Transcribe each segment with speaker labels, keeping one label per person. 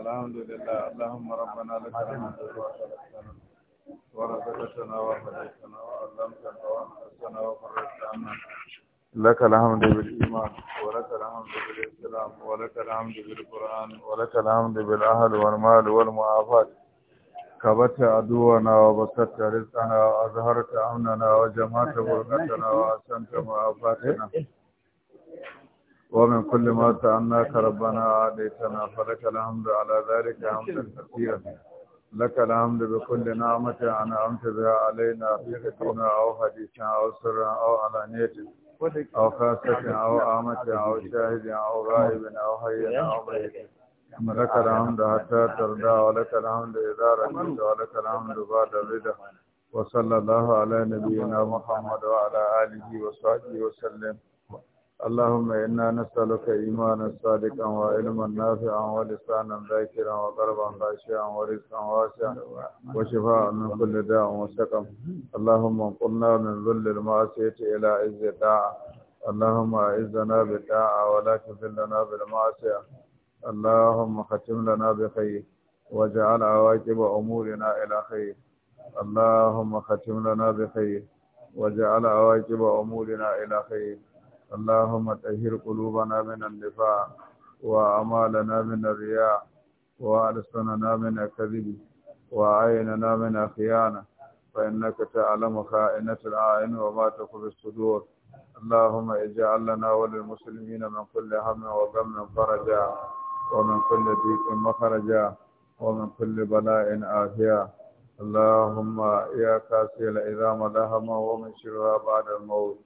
Speaker 1: الحمد لله اللهم ربنا لك الحمد ورزقتنا وهديتنا وعلمتنا وانقذتنا وفرجت عنا لك الحمد بالإيمان ولك الحمد بالإسلام ولك الحمد بالقرآن ولك الحمد بالأهل والمال والمعافاة كبت عدونا وبسطت رزقنا وأظهرت أمننا وجمعت بركتنا وأحسنت معافاتنا ومن كل ما سألناك ربنا آتيتنا فلك الحمد على ذلك حمدا كثيرا لك الحمد بكل نعمة أنعمت بها علينا في حكمنا أو حديثا أو سرا أو علانية أو خاصة أو عامة أو شاهد أو غائب أو حي أو ميت
Speaker 2: لك الحمد حتى ترضى
Speaker 1: ولك الحمد إذا رضيت ولك الحمد بعد الرضا وصلى الله على نبينا محمد وعلى آله وصحبه وسلم اللهم إنا نسألك إيمانا صادقا وعلما نافعا ولسانا ذاكرا وقلبا خاشعا ورزقا واسعا وشفاء من كل داء وسقم اللهم انقلنا من ذل المعصية إلى عز الطاعة اللهم أعزنا بالطاعة ولا تذلنا بالمعصية اللهم ختم لنا بخير واجعل عواقب أمورنا إلى خير اللهم ختم لنا بخير واجعل عواقب أمورنا إلى خير اللهم طهر قلوبنا من النفاق وأعمالنا من الرياء وألسننا من الكذب وأعيننا من الخيانة فإنك تعلم خائنة العائن وما تخفي الصدور اللهم اجعل لنا وللمسلمين من كل هم وغم فرجا ومن كل ضيق مخرجا ومن كل بلاء عافية اللهم يا كاسي العظام لهما ومن شرها بعد الموت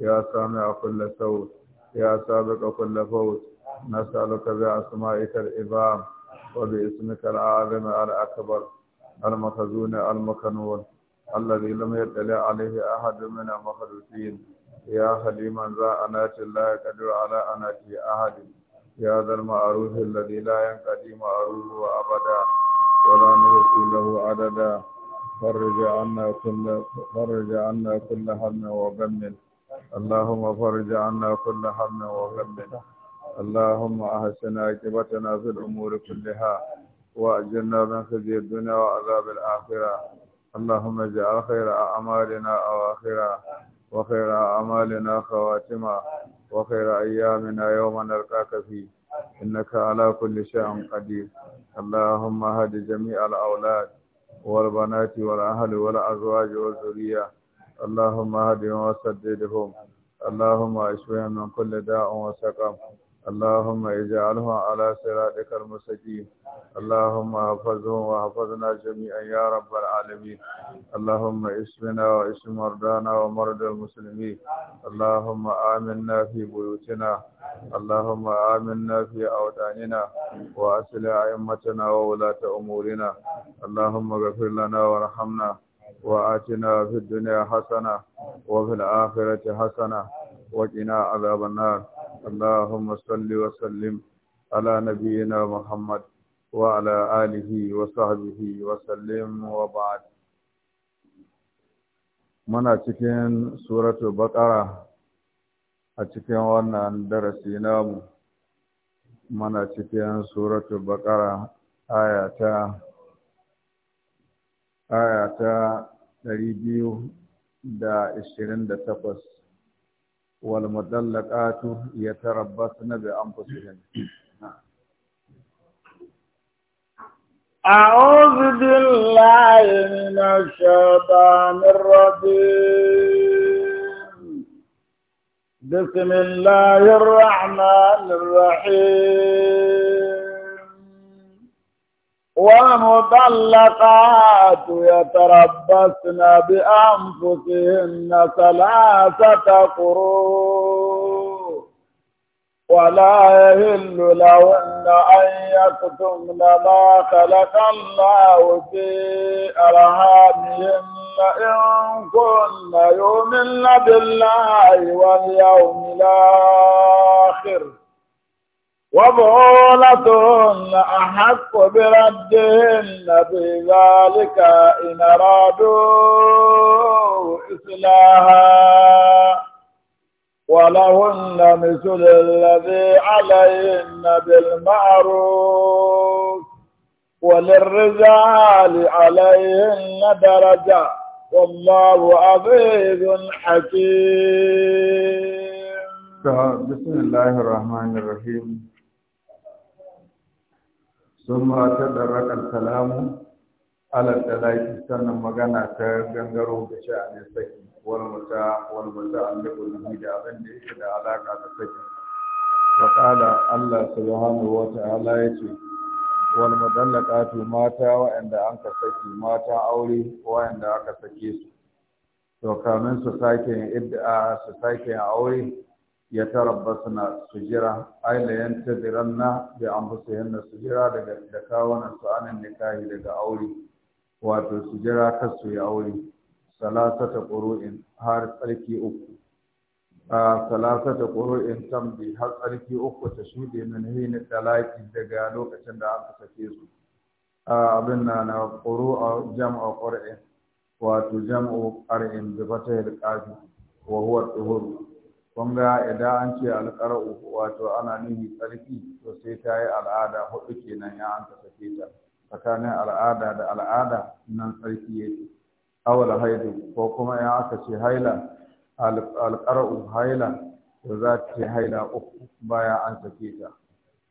Speaker 1: يا سامع كل صوت يا سابق كل فوت نسألك بأسمائك الإبام وباسمك العظيم الأكبر المخزون المكنون الذي لم يطلع عليه أحد من المخلوقين يا حليما ذا أنات لا يقدر على أناته أحد يا ذا المعروف الذي لا ينقضي معروفه أبدا ولا نحصي له عددا فرج عنا كل فرج عنا كل هم وغم اللهم فرج عنا كل هم وغم اللهم أحسن عاقبتنا في الأمور كلها وأجرنا من خزي الدنيا وعذاب الآخرة اللهم اجعل خير أعمالنا أواخرها وخير أعمالنا خواتمها وخير أيامنا يوم نلقاك فيه إنك على كل شيء قدير اللهم هد جميع الأولاد والبنات والأهل والأزواج والذرية اللهم اهدهم وسددهم اللهم اشفهم من كل داء وسقم اللهم اجعلهم على صراطك المستقيم اللهم احفظهم واحفظنا جميعا يا رب العالمين اللهم اشفنا واشف مرضانا ومرضى المسلمين اللهم امنا في بيوتنا اللهم امنا في اوداننا واصل ائمتنا وولاة امورنا اللهم اغفر لنا وارحمنا وآتنا في الدنيا حسنة وفي الآخرة حسنة وقنا عذاب النار اللهم صل وسلم على نبينا محمد وعلى آله وصحبه وسلم وبعد muna cikin سورة baƙara a cikin wannan darasi namu muna cikin suratu baƙara aya ta آية 228 wal mudallaqatu yatarabbasna
Speaker 2: أعوذ بالله من الشيطان الرجيم بسم الله الرحمن الرحيم ومطلقات يتربصن بأنفسهن ثلاثة قروء ولا يهل لهن أن يكتمن ما خلق الله في أرحامهن إن كن يؤمن بالله واليوم الآخر وبعولة أحق بردهن في ذلك إن أرادوا إصلاحا ولهن مثل الذي عليهن بالمعروف وللرجال عليهن درجة والله عزيز حكيم
Speaker 1: بسم الله الرحمن الرحيم sun ma ta ɗarraƙar salamu, alal laifin sannan magana ta gangaro da ne saki wal mata wal mata an da abin da yake da alaka da saki wa qala allah subhanahu wa ta'ala yace wal mutallaqatu mata wa'anda an ka saki mata aure wa'anda aka sake su to kamin su sake idda su sake aure ya tarabbasna su jira ai la yantaziranna bi anfusihinna su jira daga da kawunan su anan nikahi daga aure wato su jira su ya aure salasata qurun har tsarki uku a salasata tam bi har tsarki uku ta shuɗe min hin talaki daga lokacin da aka sake su A abin na na qur'a jam'u qur'in wato jam'u qur'in bi fatahil qafi wa huwa tuhur kun ga idan an ce alƙar'u wato ana nuhi tsarki to sai ta yi al'ada hudu kenan ya an sake ta tsakanin al'ada da al'ada nan tsarki yake awal haidu ko kuma ya aka ce haila alƙar'u haila to za ta ce haila uku bayan an sake ta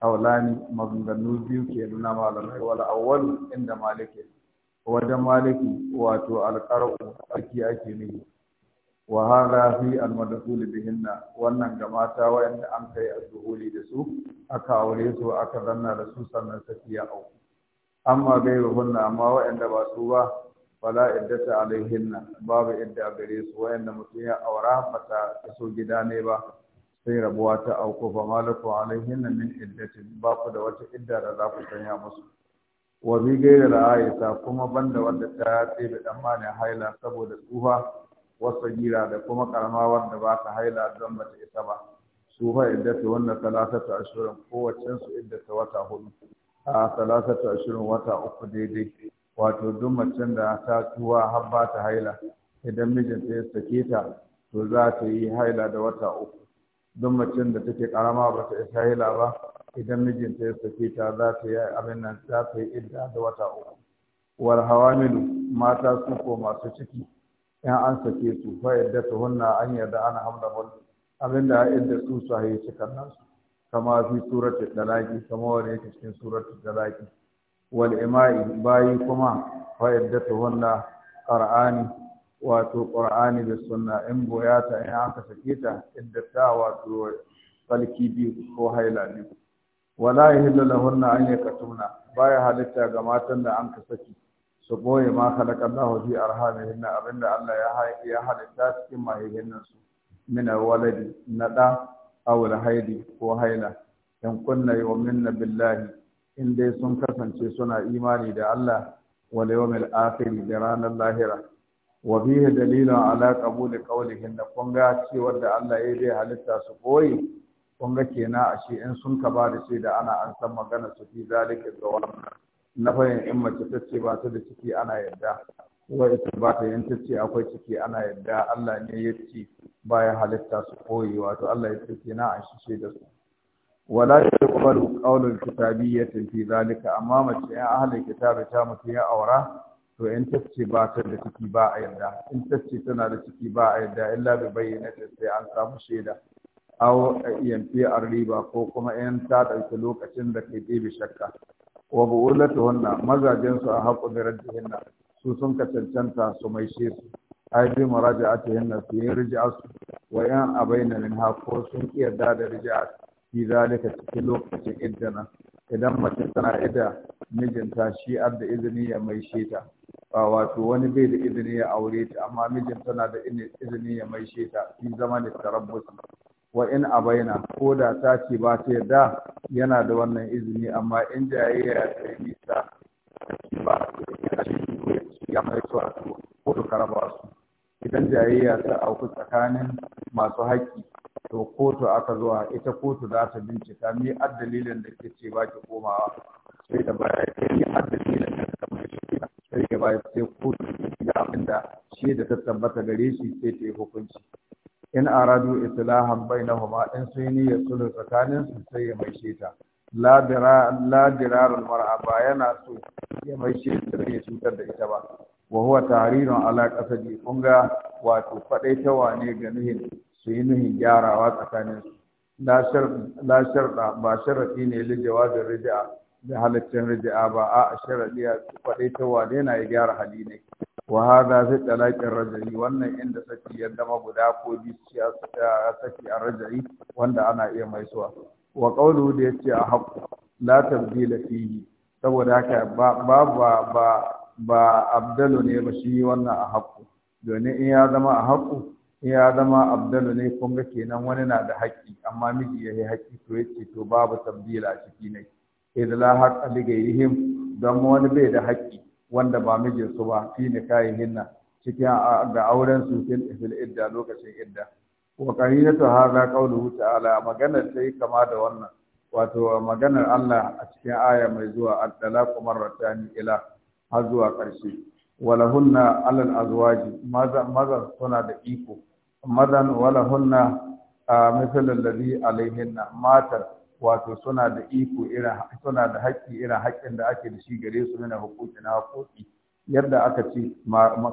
Speaker 1: aulani maganganu biyu ke nuna malamai wala awal inda maliki wajen maliki wato alƙar'u tsarki ake nuhi wa hada fi almadkhul bihinna wannan ga mata wayanda an kai azhuli da su aka aure su aka zanna da su sannan safiya au amma gairuhunna amma wayanda ba su ba fala iddata alaihinna babu idda gare su wayanda mutum ya aura ta so gida ne ba sai rabuwa ta auku fa malaku alaihinna min iddatin ba ku da wata idda da za ku sanya musu wa bi gaira da kuma banda wanda ta tsebe dan mani haila saboda tsufa wasu gira da kuma karama wanda ba ta haila don ba ta isa ba su fa idda ta wannan talatatu ashirin kowacce su idda ta wata hudu a talatatu ashirin wata uku daidai wato duk macen da ta tuwa har ba ta haila idan mijinta ya sake ta to za ta yi haila da wata uku duk macen da take karama ba ta isa haila ba idan mijinta ya sake ta za ta yi abin nan za ta yi idda da wata uku war hawamilu mata su ko masu ciki in an sake su fa yadda ta hunna an yarda ana hamla mun abinda yadda su su haye cikin nan su kama fi surati dalaki kama wani yake cikin surati dalaki wal ima'i bayi kuma fa yadda ta hunna qur'ani wato qur'ani da sunna in boyata in aka sake ta inda ta wato salki biyu ko haila biyu wala yahillu lahunna an yakatuna baya halitta ga matan da an ka saki su ɓoye ma khalaqallahu fi arhamihin abinda Allah ya haƙi ya halitta cikin mahaihinnan su min waladi na da aw haidi ko haila in kunna yu'minna billahi in dai sun kasance suna imani da Allah wal yawmil akhir da ranar lahira wa bihi dalilun ala qabuli qawlihin da kun ga cewa da Allah ya zai halitta su ɓoye kun ga kenan ashe in sun ka ba da shi da ana an san magana su fi zalika ga wannan na fahimta in mace ta ce ba ta da ciki ana yadda wa ita ba ta yanta ce akwai ciki ana yadda Allah ne ya ce ba ya halitta su koyi wato Allah ya ce na an shishe da su wala yaqbalu qawlul ya fi zalika amma mace ya ahli kitabi ta mutu ya aura to in ta ce ba ta da ciki ba a yadda. in ta ce tana da ciki ba a yadda. illa bai bayyana ta sai an samu shaida aw a riba ko kuma in ta ɗauki lokacin da kai ɗebe shakka wa hunna mazajen su a haƙu da raddihinna su sun ka cancanta su mai shi su ai bi hinna su yi rij'a su wa yan abaina min ko sun yarda da rij'a fi zalika cikin lokacin iddana idan mace tana ida mijinta shi ar da izini ya mai sheta ba wato wani bai da izini ya aure ta amma mijin tana da izini ya mai sheta fi zama da tarabbusi wa in a abaina ko da ta ce ba ta yarda yana da wannan izini amma in jayayya ya ta nisa ta ba ta ya mai su a ko to karaba su idan jayayya ta auku tsakanin masu haƙƙi to kotu aka zuwa ita kotu za ta bincika ni a dalilin da ke ce ba ki komawa sai da baya ke ni a dalilin da ta mai shi sai ya baya sai kotu da abin da shi da ta tabbata gare shi sai ta yi hukunci in aradu islahan bainahuma in sun yi niyyar sulhu tsakanin su sai ya maishe ta la dirarul mar'a ba yana so ya mai ta da ya cutar da ita ba wa huwa tahrirun ala qasadi kun ga wato fadaitawa ne ga nuhin su yi nuhin gyarawa tsakanin su la sharda ba sharadi ne li jawazin rija'a da halaccin rija'a ba a sharadi ya fadaitawa ne na ya gyara hali ne wa hada fi talaqir raj'i wannan inda saki ya zama guda ko bi saki a raj'i wanda ana iya mai suwa wa qawlu da yace a haqq la tabdila fihi saboda haka ba ba ba ba abdalu ne ba shi wannan a haƙƙu domin in ya zama a haƙƙu in ya zama abdalu ne kun ga kenan wani na da haƙƙi amma miji ya yi haƙƙi to yace to babu tabdila a ciki ne idan la haƙƙa ligayihim don wani bai da haƙƙi wanda ba mijinsu ba fi hinna, cikin ga auren su fil idda lokacin idda wa qarinatu hadha qawluhu ta'ala maganar sai kama da wannan wato maganar Allah a cikin aya mai zuwa at-talaqu marratani ila har zuwa ƙarshe walahunna alal azwaji mazan suna da iko mazan walahunna mithlu alladhi alaihinna matar wato suna da iko irin suna da haƙƙi irin haƙƙin da ake da shi gare su na hukuki na haƙoƙi yadda aka ce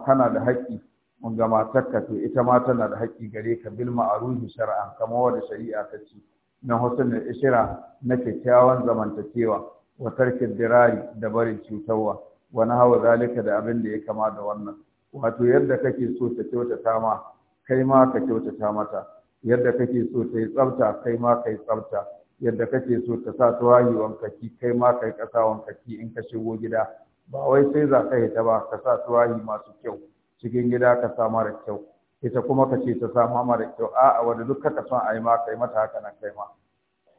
Speaker 1: kana da haƙƙi mun ga matarka to ita ma tana da haƙƙi gare ka bil ma'rufi shar'an kamar wanda shari'a ta ce na husnul ishra na kyakkyawan zamantakewa wa tarkin dirari da barin cutarwa wa hawa zalika da abin da ya kama da wannan wato yadda kake so ta kyautata ma kai ma ka kyautata mata yadda kake so ta yi tsafta kai ma ka yi tsafta yadda kake so ta sa tuwayi wankaki kai ma kai ƙasa wankaki in ka shigo gida ba wai sai za ka ta ba ka sa tuwayi masu kyau cikin gida ka sa mara kyau ita kuma ka ce ta sa mara kyau a'a wanda duk ka son a yi ma kai mata haka nan kai ma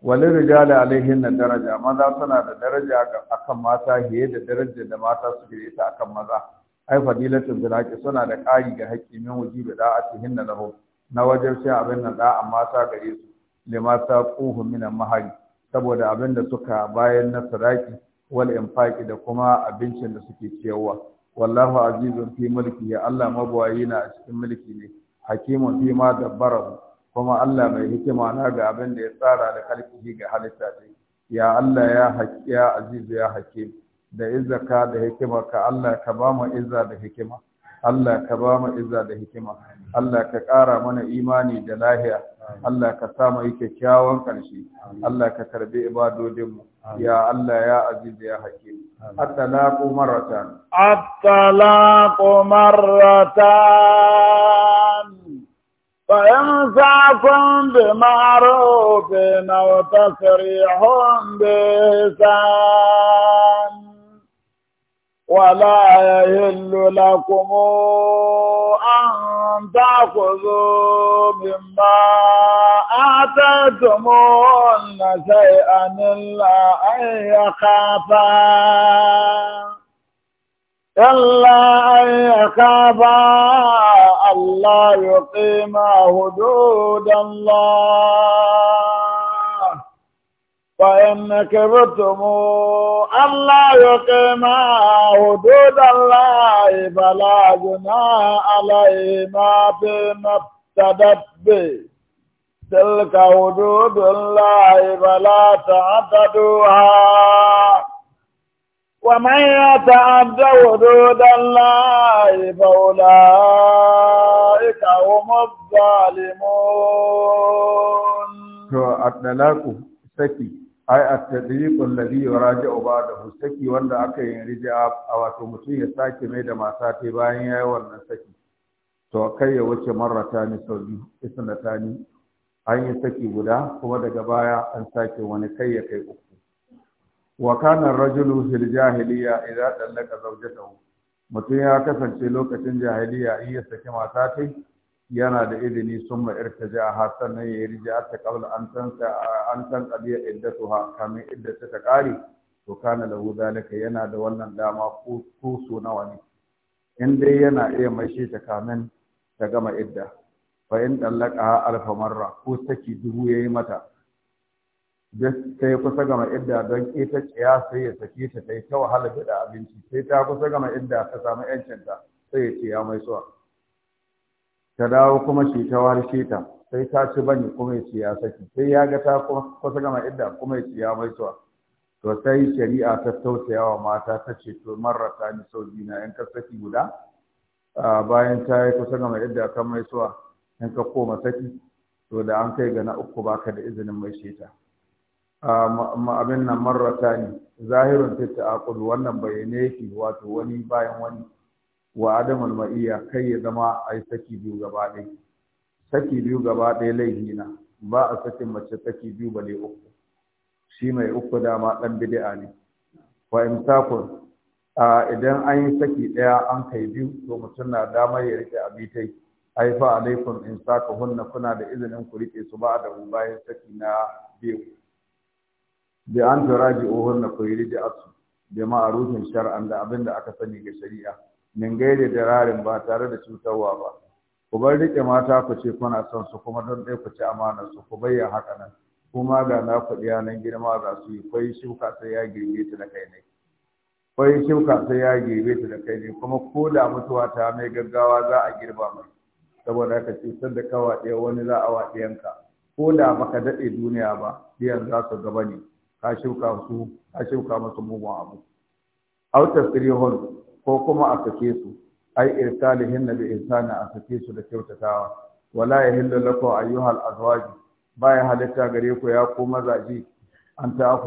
Speaker 1: Wani rijali alaihin na daraja maza suna da daraja akan mata fiye da darajar da mata su ta a akan maza ai fadilatun zinaki suna da ƙari ga haƙƙi min a cikin na lahu na wajen shi abin nan da a mata gare su lima ta ƙuhu minan mahari saboda abin da suka bayan na saraki wal infaki da kuma abincin da suke ciyarwa wallahu azizun fi mulki ya Allah mabawayi na a cikin mulki ne hakimun fi ma dabbara kuma Allah mai hikima na ga abin da ya tsara da kalkihi ga halitta ne. ya Allah ya hakiya azizu ya hakim da izaka da hikima ka Allah ka ba mu izza da hikima Allah ka ba mu izza da hikima Allah ka ƙara mana imani da lahiya Allah ka sa mu kyakkyawan ƙarshe Allah ka karbi ibadodin mu ya Allah ya aziz ya hakim
Speaker 2: at-talaqu marratan at-talaqu marratan فإمساكم بمعروف أو تسريح بإحسان ولا يهل لكم أن تأخذوا مما آتيتمون شيئا إلا أن يخافا إلا أن يخافا الله يقيم حدود الله وإن كبتم ألا يقيما حدود الله فلا جناح عليهما فيما افتدت به تلك حدود الله فلا تعتدوها ومن يتعد حدود الله فأولئك هم الظالمون.
Speaker 1: To, Adnalaku, saki ai at-tadriqu alladhi yuraji'u da saki wanda aka yi rija a wato mutum ya sake mai da mata ta bayan yayi wannan saki to kai ya wuce marratani sau biyu tani an yi saki guda kuma daga baya an sake wani kai ya kai uku wa kana rajulu fil jahiliya idza dallaka zawjatahu mutum ya kasance lokacin jahiliya in ya saki mata ta yana da izini sun ma irtaja ha sannan ya rija ta qabla an tansa an tan qadiya ha kamin iddata ta kare to kana lahu zalika yana da wannan dama ko ko so nawa ne in dai yana iya maishe ta kamin ta gama idda fa in dallaka alfa marra ko saki dubu yayi mata sai kusa gama idda don ita ciya sai ya saki ta sai ta wahala da abinci sai ta kusa gama idda ta samu yancinta sai ya ce ya mai suwa ta dawo kuma shi ta warshe ta sai ta ci bane kuma ya ce ya saki sai ya ga ta kusa gama idda kuma ya ce ya to sai shari'a ta tausaya wa mata ta ce to marrata ni sau na in ka saki guda bayan ta yi kusa gama idda kan maituwa in ka koma saki to da an kai ga na uku baka da izinin mai sheta abin nan marrata ne zahirin fitta aqul wannan bayyane yake wato wani bayan wani wa al ma'iya kai ya zama ai saki biyu gaba ɗaya saki biyu gaba ɗaya laifi na ba a sakin mace saki biyu bale uku shi mai uku dama ɗan bid'a ne wa imsakun idan an yi saki ɗaya an kai biyu to mutum na damar ya rike abitai fa alaikum in saka hunna kuna da izinin ku rike su ba da bayan saki na biyu bi an turaji hunna ku yi rike asu bi ma'arufin shar'an da abin da aka sani ga shari'a min gaida rarin ba tare da cutarwa ba ku bar rike mata ku ce kuna son su kuma don ɗaya ku ci amanarsu su ku bayyana haka nan kuma ga na ku iya nan girma za su yi kwai shuka sai ya girbe ta da kai ne kwai shuka sai ya girbe ta da kai ne kuma ko da mutuwa ta mai gaggawa za a girba mai saboda haka cutar da ka waɗe wani za a yanka. ko da baka daɗe duniya ba biyan za su gaba ne ka shuka su ka shuka musu mugun abu au ko kuma a sake su ai irsalihin na bi insani a sake su da kyautatawa wala yahillu lakum ayyuhal Ba baya halitta gare ku ya ku mazaji an ta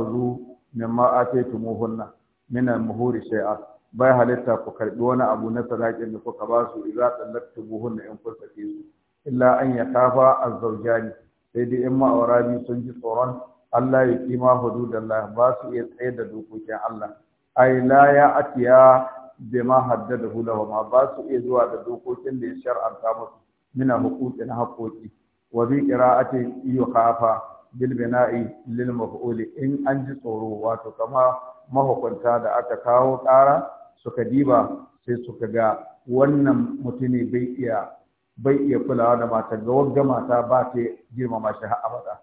Speaker 1: mimma ataytumuhunna min al-muhuri shay'a baya halitta ku karbi wani abu na sadakin da kuka ba su idza tallaqtumuhunna in kun sake su illa an yakafa az-zawjani sai dai in ma'aura sun ji tsoron Allah ya kima hududallah ba su iya tsaye da dokokin Allah ai la ya atiya bima haddadahu ma ba su iya zuwa da dokokin da ya shar'anta musu mina hukuki na haƙoƙi wa bi qira'ati yukhafa bil bina'i lil maf'uli in an ji tsoro wato kama mahukunta da aka kawo ƙara suka diba sai suka ga wannan mutune bai iya bai iya kulawa da mata ga wagga mata ba ta girmama shi har abada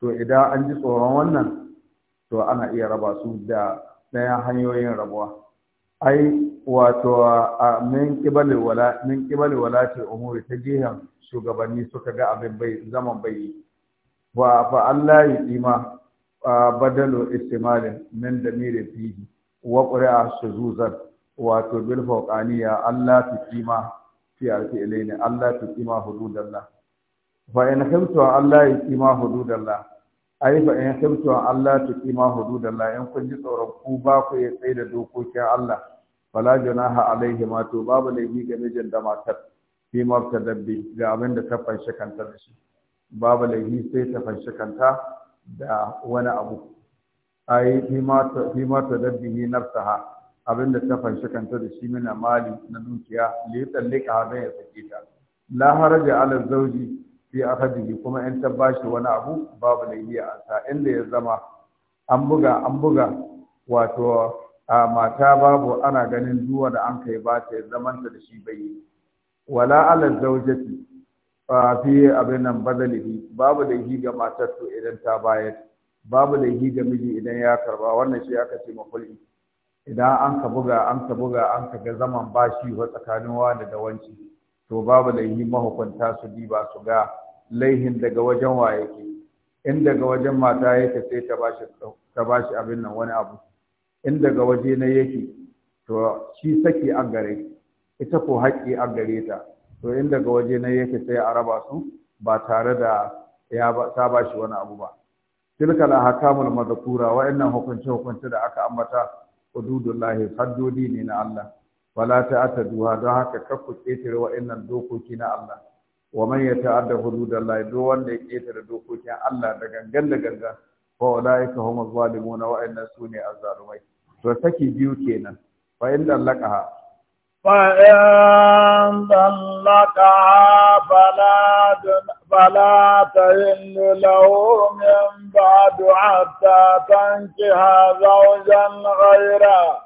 Speaker 1: to idan an ji tsoron wannan to ana iya raba su da ɗayan hanyoyin rabuwa ai wato a min kibali wala min kibali wala ce umuri ta gehen shugabanni suka ga abin bai zaman bai wa fa Allah ya ima badalu istimalin min mire fi wa qira'a shuzuzan wato bil fawqaniya Allah ta kima fi alfi ilaina Allah ta kima hududallah fa in khimtu Allah ya kima hududallah ai fa in sabtu Allah ta kima hududallahi in kun ji tsoron ku ba ku ya tsaye da dokokin Allah Bala junaha alaihi ma to babu laifi ga mijin da matar fi mafta dabbi ga abin da ta fanshi kanta da shi babu laifi sai ta fanshi kanta da wani abu ai fi mafta dabbi nafsaha abin da ta fanshi kanta da shi mina mali na dukiya li tsallika don ya sake ta la haraja ala zauji fi akhadihi kuma in ta bashi wani abu babu da iya asa. inda ya zama an buga an buga wato a mata babu ana ganin duwa da an kai ba ta zamanta da shi bai wala ala zaujati fi abin nan badalihi babu da yi ga matar to idan ta bayar babu da yi ga miji idan ya karba wannan shi aka ce mafuli idan an ka buga an ka buga an ka ga zaman ba shi wa tsakanin wa da wanci to babu laihi mahukunta su diba su ga laihin daga wajen wa yake in daga wajen mata yake sai ta bashi ta bashi abin nan wani abu in daga waje na yake to shi saki an gare ita ko haƙƙi an gare ta to in daga waje na yake sai a raba su ba tare da ya ta bashi wani abu ba la hakamul madhkura inna hukunce hukunce da aka ambata hududullahi haddodi ne na Allah fala ta'taduha don haka ku ketare wa'annan dokoki na Allah wa man yata'adda hududallahi do wanda ya ketare dokokin Allah da gangan da gangan fa ulaika humuz zalimun wa inna sune azzalumai to saki biyu kenan fa in dallaqaha
Speaker 2: fa Bala ta fala فلا تهن له من بعد حتى تنكح زوجا غيره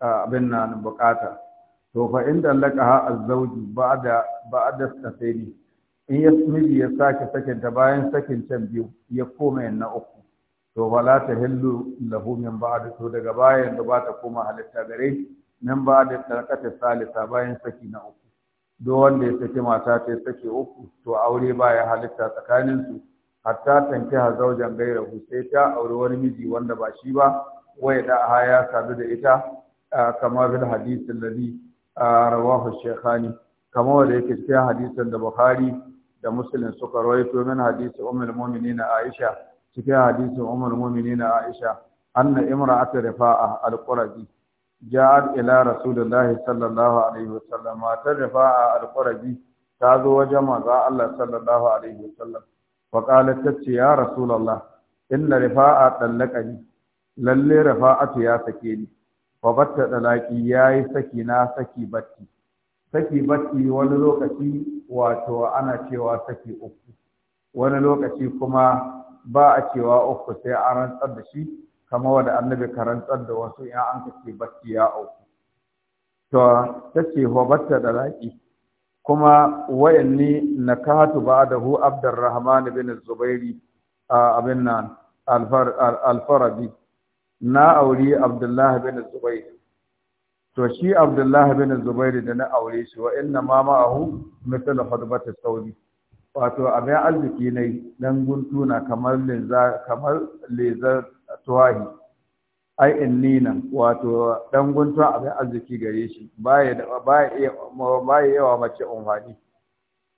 Speaker 1: abin nan bukata to fa in dallaqaha ha zawji ba'da ba'da safaini in ya miji ya sake sakin ta bayan sakin can biyu ya koma na uku to fa la hillu lahu min ba'da to daga bayan da ba ta koma halitta gare nan ba da salisa bayan saki na uku do wanda ya saki mata ta saki uku to aure baya halitta tsakanin su hatta ha zaujan gairahu sai ta aure wani miji wanda ba shi ba waya da ha ya sadu da ita kama bil hadith alladhi rawahu shaykhani kama wanda yake cikin hadisin da Bukhari da Muslim suka rawaito min hadisi ummul mu'minina Aisha cikin hadisin Umar, mu'minina Aisha anna imra'atu rifa'a al-qurazi ja'at ila rasulillahi sallallahu alaihi wasallam matar rifa'a al-qurazi ta zo wajen manzo Allah sallallahu alaihi wasallam wa qalat tace ya rasulullah inna rifa'a dallaqani lalle rifa'atu ya sake ni wa dalaki ya yayi saki na saki batti saki batti wani lokaci wato ana cewa saki uku wani lokaci kuma ba a cewa uku sai an rantsar da shi kamar wada annabi ka rantsar da wasu in an ka ce batti ya uku to ta ce wa dalaki kuma wayanni nakahatu Dahu abdurrahman bin zubairi abin nan alfarabi na aure abdullahi bin zubair to shi abdullahi bin zubair da na aure shi wa inna ma ma'ahu mithlu hudbati saudi wato abin arziki ne dan guntuna kamar leza kamar lezar tuwahi ai innina wato dan guntu abin arziki gare shi baya baya baya yawa mace umfani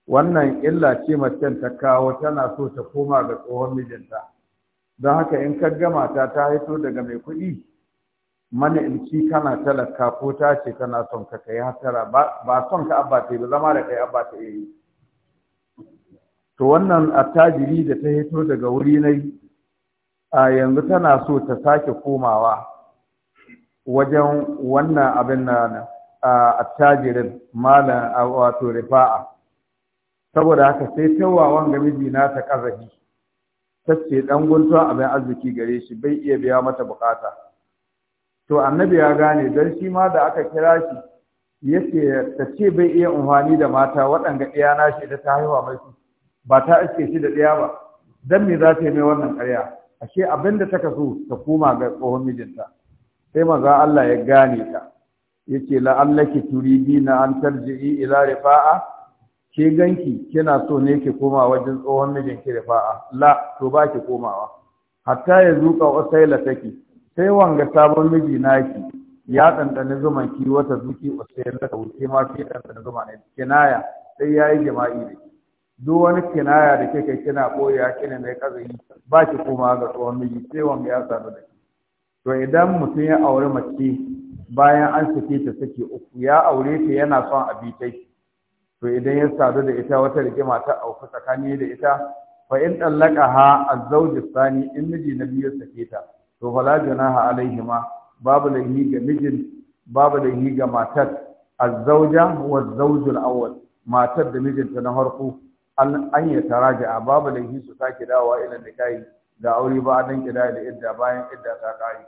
Speaker 1: wannan illa ce mace ta kawo tana so ta koma ga tsohon mijinta don haka in ka gama ta ta haito daga mai kuɗi mana in ci kana talaka ko ta ce tana son ka kai hatara ba son ka abba ta yi ba zama da kai abba ta yi to wannan attajiri da ta haito daga wuri na yi a yanzu tana so ta sake komawa wajen wannan abin na attajirin malam wato rifa'a saboda haka sai tawawan ga miji na ta kazahi ta ce dan guntuwa abin arziki gare shi bai iya biya mata bukata to annabi ya gane dan shi ma da aka kira shi yace ta ce bai iya amfani da mata waɗanga ɗaya na shi da ta haihuwa mai su ba ta iske shi da ɗaya ba dan me za ta yi mai wannan ƙarya ashe abin da ta so ta koma ga tsohon mijinta sai maza Allah ya gane ta yace la'allaki turidina an tarji'i ila rifa'a ke ganki kina so ne ki koma wajen tsohon mijin ki fa'a. la to ba ki komawa hatta ya zuka usaila take sai wanga sabon miji naki ya dandana zuman ki wata zuki usaila ta wuce ma ki dandana zuman ne kinaya sai yayi jima'i ne duk wani kinaya da kike kina koya kina mai kazari ba ki komawa ga tsohon miji sai wanga ya sadu da to idan mutum ya aure mace bayan an sake ta sake uku ya aure ta yana son abitai to idan ya sadu da ita wata rigima ta auku tsakani da ita fa in dallaqaha ha zawj sani in miji na biyu sake ta to fala junaha alaihima babu laihi ga mijin babu laihi ga matar az wa zawjul awwal matar da mijinta na farko an ya taraja babu laihi su sake dawowa ila nikahi da aure ba dan kida da idda bayan idda ta kai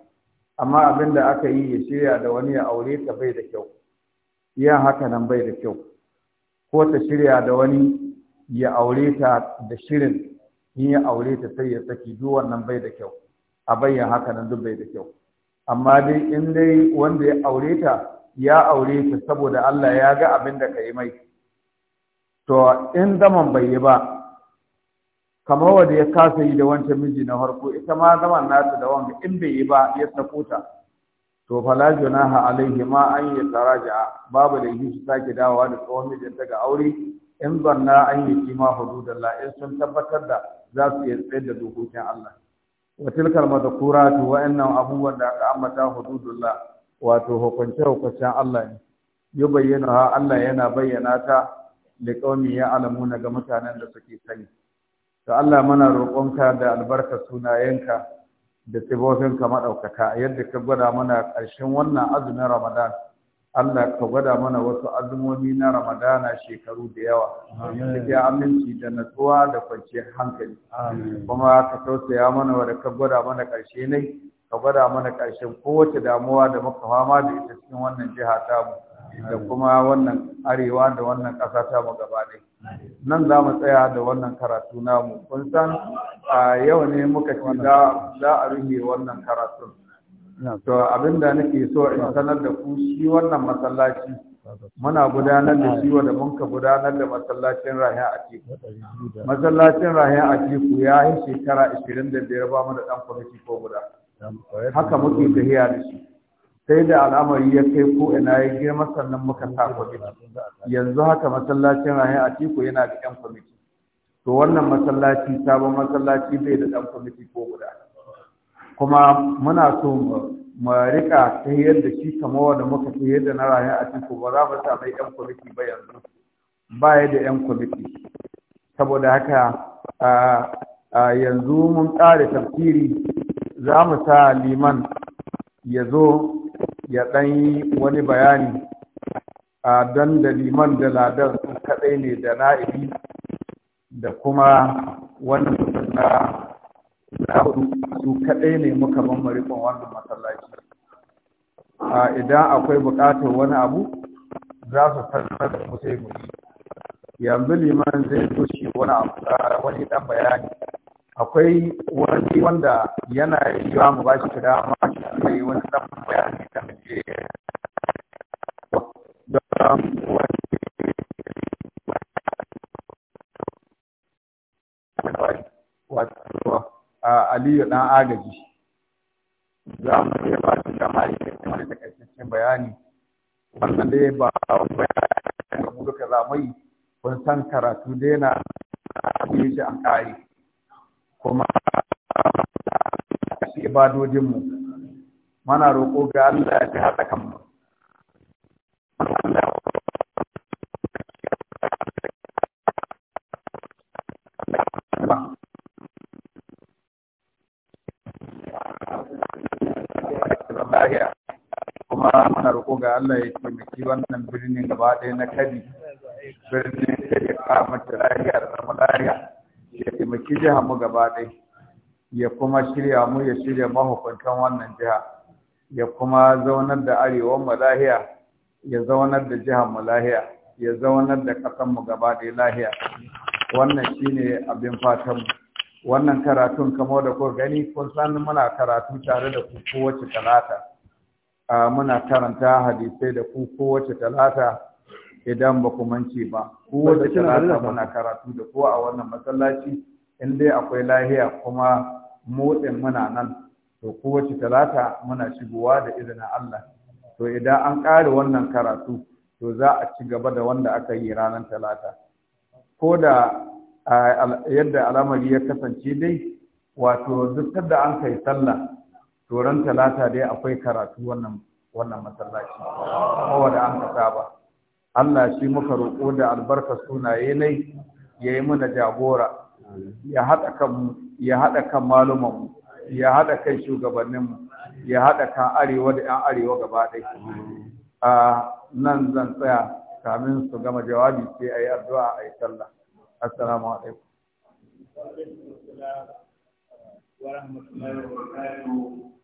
Speaker 1: amma abinda aka yi ya shirya da wani ya aure ta bai da kyau yin haka nan bai da kyau ko ta shirya da wani ya aure ta da shirin in ya aure ta sai ya saki duk wannan bai da kyau a bayyana haka nan duk bai da kyau amma dai in dai wanda ya aure ta ya aure ta saboda Allah ya ga abin da kai mai to in zaman bai yi ba kamar wanda ya kasa yi da wancan miji na farko ita ma zaman nata da wanda in bai yi ba ya sako ta to fala junaha alaihi ma an yi babu da yi su sake dawowa da tsohon mijinta ga aure in zanna an yi kima hududallah in sun tabbatar da za su iya tsayar da dokokin Allah wa tilkal madhkuratu wa annam abubuwan da aka ambata hududullah wato hukunce hukuncen Allah ne yubayyana ha Allah yana bayyana ta da kaumi ya alamuna ga mutanen da suke sani to Allah muna roƙonka da albarka sunayenka da tsibofin ka maɗaukaka yadda ka gwada mana ƙarshen wannan azumin ramadan Allah ka gwada mana wasu azumomi na ramadana shekaru da yawa da cikin aminci da natsuwa da kwanciyar hankali kuma ka tausaya mana wadda ka gwada mana ƙarshe nai, ka gwada mana ƙarshen kowace damuwa da muka da ita cikin wannan jiha tamu da kuma wannan arewa da wannan ƙasa ta mu gaba nan za mu tsaya da wannan karatu namu kun san a yau ne muka ci za a rufe wannan karatun to da nake so in sanar da ku shi wannan masallaci muna gudanar da shi wanda ka gudanar da masallacin rahiya a teku masallacin rahiya a teku ya yi shekara 25 ba mu da ɗan kwamiti ko guda haka muke tafiya da shi sai da al'amari ya kai ko ina ya girma sannan muka sa kwamiti yanzu haka masallacin a tiku yana da yan kwamiti to wannan masallaci sabon masallaci bai da dan kwamiti ko guda kuma muna so mu rika ta yadda shi kama wanda muka ta yadda na a atiku ba za mu samu yan kwamiti ba yanzu ba ya da yan kwamiti saboda haka a yanzu mun ƙare tafsiri za mu sa liman ya zo ya ɗan yi wani bayani a don da liman da ladan su kaɗai ne da na'ibi da kuma wannan hudu su kaɗai ne muka mamarikon wannan masallaci idan akwai buƙatar wani abu za su tattar da mu sai mu yanzu liman zai zo shi wani abu wani ɗan bayani akwai wani wanda yana yiwa mu ba shi kira amma shi ne wani dan bayani
Speaker 2: da muke don wani
Speaker 1: wato aliyu dan agaji za mu iya ba shi dama yi wani takaitaccen bayani wannan dai ba bayani da mu duka za mu yi kun san karatu dai na yi shi an ƙari. kuma ibadodinmu mana roƙo ga Allah ya fi haɗa
Speaker 2: kanmu kuma mana roƙo ga
Speaker 1: Allah ya taimaki wannan birnin gaba ɗaya na kadi birnin da ya kama da lahiya da taimaki jiha mu gaba ɗai ya kuma shirya mu ya shirya mahukuntan wannan jiha ya kuma zaunar da arewa mu lahiya ya zaunar da jihar mu lahiya ya zaunar da ƙasar mu gaba ɗai lahiya wannan shine abin fatan mu wannan karatun kamar da ko gani kun san muna karatu tare da ku kowace talata muna karanta hadisai da ku kowace talata idan ba ku mance ba kowace talata muna karatu da ku a wannan masallaci in dai akwai lahiya kuma motsin muna nan to kowace talata muna shigowa da izinin Allah to idan an ƙare wannan karatu to za a ci gaba da wanda aka yi ranar talata ko da yadda al'amari ya kasance dai wato duk da an kai sallah to ran talata dai akwai karatu wannan wannan masallaci kowa da an kasa ba Allah shi muka roƙo da albarka sunaye ne ya yi mana jagora ya haɗa kan ya haɗa kan ya haɗa kan shugabanninmu ya haɗa kan arewa da 'yan arewa gaba ɗaya a nan zan tsaya kamin su gama jawabi sai ayi yi addu'a a sallah assalamu alaikum
Speaker 2: wa rahmatullahi